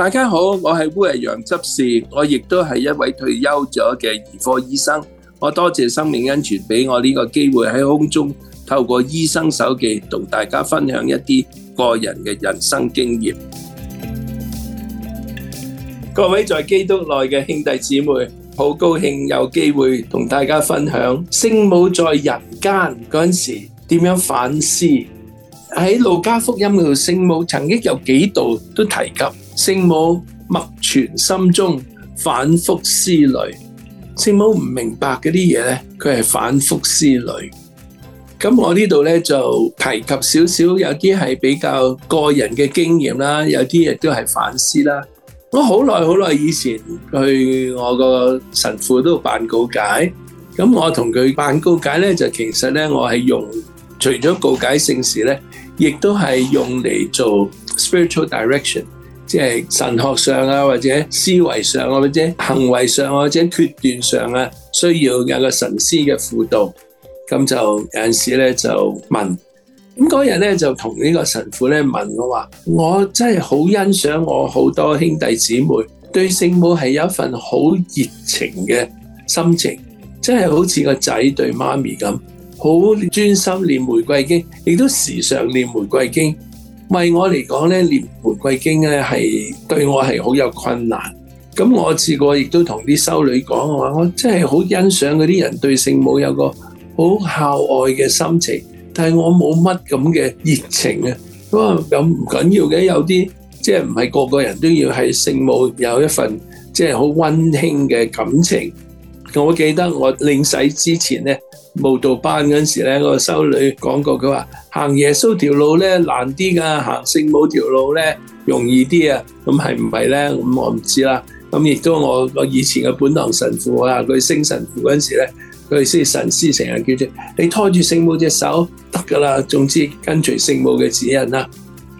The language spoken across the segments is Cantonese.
大家好，我係烏日陽執事，我亦都係一位退休咗嘅兒科醫生。我多謝生命恩泉俾我呢個機會喺空中透過醫生手記同大家分享一啲個人嘅人生經驗。各位在基督內嘅兄弟姊妹，好高興有機會同大家分享聖母在人間嗰陣時點樣反思，喺路加福音度，聖母曾經有幾度都提及。聖母默存心中，反覆思慮。聖母唔明白嗰啲嘢咧，佢係反覆思慮。咁我呢度咧就提及少少，有啲係比較個人嘅經驗啦，有啲亦都係反思啦。我好耐好耐以前去我個神父都辦告解，咁我同佢辦告解咧，就其實咧我係用除咗告解聖事咧，亦都係用嚟做 spiritual direction。即係神學上啊，或者思維上啊，或者行為上啊，或者決斷上啊，需要有個神師嘅輔導。咁就有陣時咧就問，咁嗰日咧就同呢個神父咧問我話，我真係好欣賞我好多兄弟姊妹對聖母係有一份好熱情嘅心情，真係好似個仔對媽咪咁，好專心念玫瑰經，亦都時常念玫瑰經。咪我嚟講咧，念《玫瑰經》咧係對我係好有困難。咁我試過亦都同啲修女講，我話我真係好欣賞嗰啲人對聖母有個好孝愛嘅心情，但係我冇乜咁嘅熱情啊。哇，咁唔緊要嘅，有啲即係唔係個個人都要係聖母有一份即係好溫馨嘅感情。我記得我領洗之前咧，慕道班嗰陣時咧，個修女講過，佢話行耶穌條路咧難啲噶、啊，行聖母條路咧容易啲啊。咁係唔係咧？咁、嗯、我唔知啦。咁、嗯、亦都我我以前嘅本堂神父啊，佢升神父嗰陣時咧，佢哋先神師成日叫住你拖住聖母隻手得噶啦。總之跟隨聖母嘅指引啦。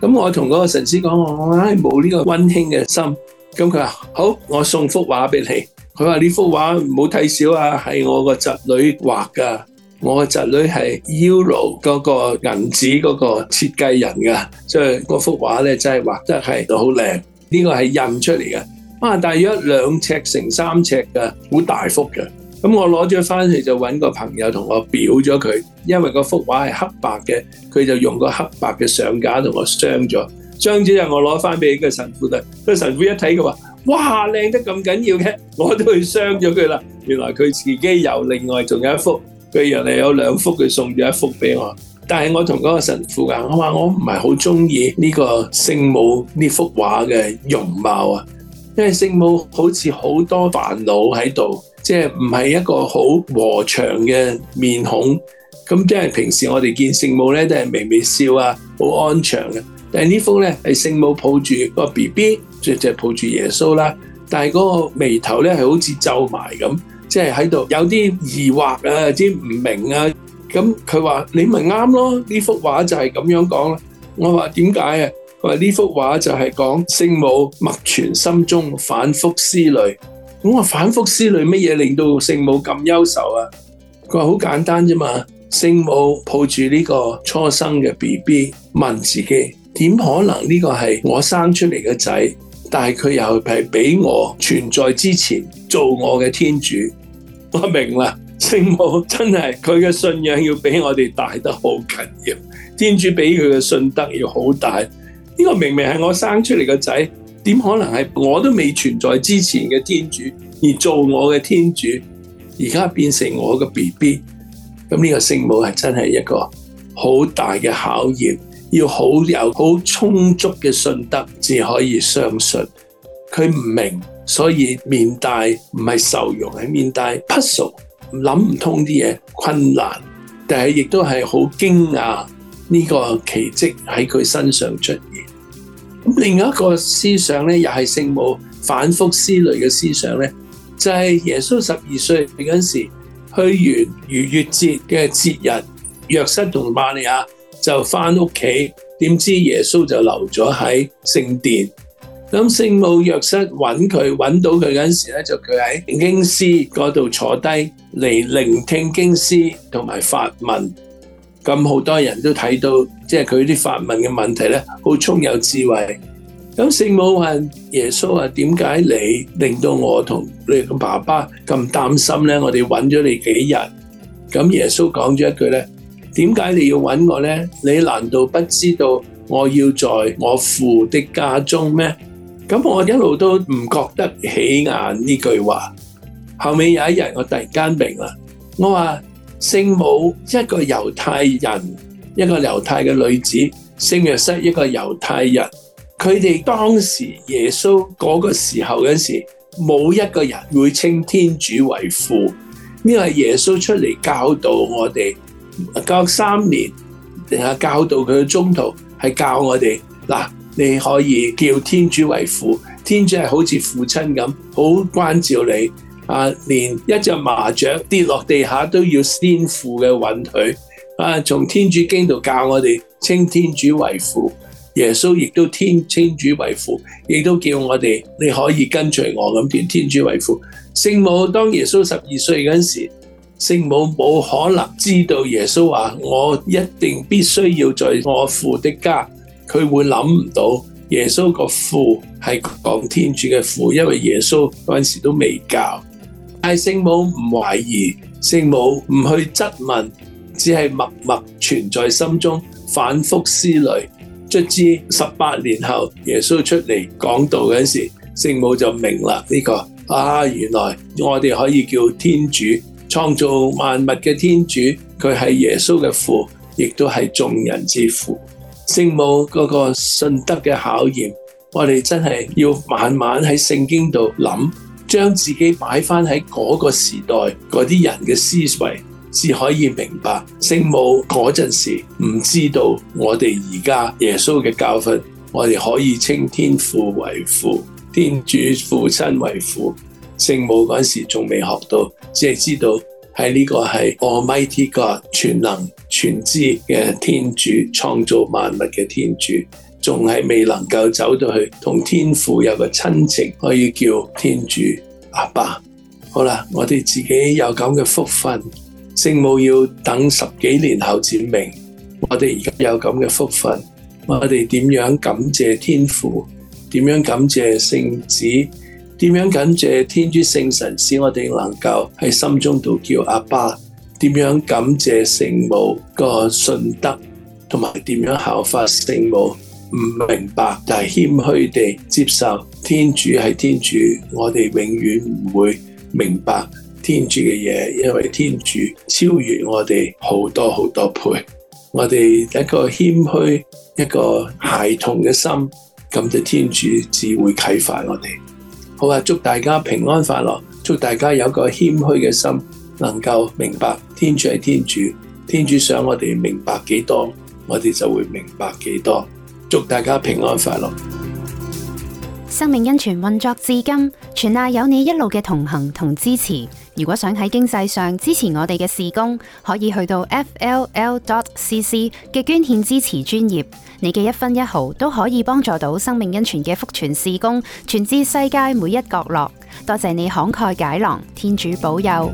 咁、嗯、我同嗰個神師講我我唉冇呢個溫馨嘅心。咁佢話好，我送幅畫俾你。佢話呢幅畫唔好睇小啊，係我個侄女畫噶。我侄女係 Euro 嗰個銀紙嗰個設計人噶，所以嗰幅畫咧真係畫得係好靚。呢個係印出嚟嘅，哇、啊，大約兩尺乘三尺嘅，好大幅嘅。咁我攞咗翻去就揾個朋友同我裱咗佢，因為嗰幅畫係黑白嘅，佢就用個黑白嘅相架同我鑲咗。鑲咗就我攞翻俾個神父啦。個神父一睇佢話，哇，靚得咁緊要嘅，我都去鑲咗佢啦。原來佢自己有另外仲有一幅。佢人哋有兩幅，佢送咗一幅俾我。但係我同嗰個神父講，我話我唔係好中意呢個聖母呢幅畫嘅容貌啊，因為聖母好似好多煩惱喺度，即係唔係一個好和祥嘅面孔。咁即係平時我哋見聖母咧都係微微笑啊，好安詳嘅。但係呢幅咧係聖母抱住個 BB，即係抱住耶穌啦。但係嗰個眉頭咧係好似皺埋咁。即係喺度有啲疑惑啊，有啲唔明啊，咁佢話你咪啱咯，呢幅畫就係咁樣講啦。我話點解啊？佢話呢幅畫就係講聖母默存心中，反覆思慮。咁我反覆思慮，乜嘢令到聖母咁憂愁啊？佢話好簡單啫嘛，聖母抱住呢個初生嘅 BB 問自己，點可能呢個係我生出嚟嘅仔？但係佢又係俾我存在之前做我嘅天主。我明啦，聖母真係佢嘅信仰要比我哋大得好緊要，天主俾佢嘅信德要好大。呢個明明係我生出嚟嘅仔，點可能係我都未存在之前嘅天主而做我嘅天主？而家變成我嘅 B B，咁呢個聖母係真係一個好大嘅考驗，要好有好充足嘅信德至可以相信。佢唔明白。所以面帶唔係愁容，係面帶 puzzle，諗唔通啲嘢，困難，但係亦都係好驚訝呢個奇蹟喺佢身上出現。咁另一個思想咧，又係聖母反覆思慮嘅思想咧，就係、是、耶穌十二歲嗰陣時，去完逾越節嘅節日，約瑟同瑪利亞就翻屋企，點知耶穌就留咗喺聖殿。咁聖母約瑟揾佢，揾到佢嗰時咧，就佢喺經師嗰度坐低嚟，聆聽經師同埋發問。咁好多人都睇到，即係佢啲發問嘅問題咧，好充有智慧。咁聖母問耶穌話：點解你令到我同你嘅爸爸咁擔心咧？我哋揾咗你幾日？咁耶穌講咗一句咧：點解你要揾我咧？你難道不知道我要在我父的家中咩？咁我一路都唔覺得起眼呢句話。後尾有一日，我突然間明啦。我話聖母一個猶太人，一個猶太嘅女子，聖若瑟一個猶太人，佢哋當時耶穌嗰個時候嗰時，冇一個人會稱天主為父。呢個係耶穌出嚟教導我哋教三年，定係教導佢嘅中途係教我哋嗱。你可以叫天主為父，天主係好似父親咁，好關照你。啊，連一隻麻雀跌落地下都要天父嘅允許。啊，從天主經度教我哋稱天主為父，耶穌亦都天稱主為父，亦都叫我哋你可以跟隨我咁叫天主為父。聖母當耶穌十二歲嗰陣時，聖母冇可能知道耶穌話我一定必須要在我父的家。佢會諗唔到耶穌個父係講天主嘅父，因為耶穌嗰陣時都未教。但聖母唔懷疑，聖母唔去質問，只係默默存在心中，反覆思慮，卒之十八年後耶穌出嚟講道嗰陣時，聖母就明啦呢個啊，原來我哋可以叫天主創造萬物嘅天主，佢係耶穌嘅父，亦都係眾人之父。聖母嗰個信德嘅考驗，我哋真係要慢慢喺聖經度諗，將自己擺翻喺嗰個時代嗰啲人嘅思維，至可以明白聖母嗰陣時唔知道我哋而家耶穌嘅教訓，我哋可以稱天父為父，天主父親為父，聖母嗰陣時仲未學到，只係知道。喺呢個係 Almighty God 全能全知嘅天主，創造萬物嘅天主，仲係未能夠走到去同天父有個親情，可以叫天主阿爸，爸。好啦，我哋自己有咁嘅福分，聖母要等十幾年後證明，我哋而家有咁嘅福分，我哋點樣感謝天父？點樣感謝聖子？點樣感謝天主聖神，使我哋能夠喺心中度叫阿爸？點樣感謝聖母個信德，同埋點樣效法聖母？唔明白，但係謙虛地接受天主係天主，我哋永遠唔會明白天主嘅嘢，因為天主超越我哋好多好多倍。我哋一個謙虛、一個孩童嘅心，咁就天主只會啟發我哋。好啊！祝大家平安快樂，祝大家有個謙虛嘅心，能夠明白天主係天主，天主想我哋明白幾多，我哋就會明白幾多。祝大家平安快樂。生命恩泉運作至今，全賴有你一路嘅同行同支持。如果想喺經濟上支持我哋嘅事工，可以去到 fll.cc 嘅捐獻支持專頁，你嘅一分一毫都可以幫助到生命恩泉嘅福傳事工，傳至世界每一角落。多謝你慷慨解囊，天主保佑。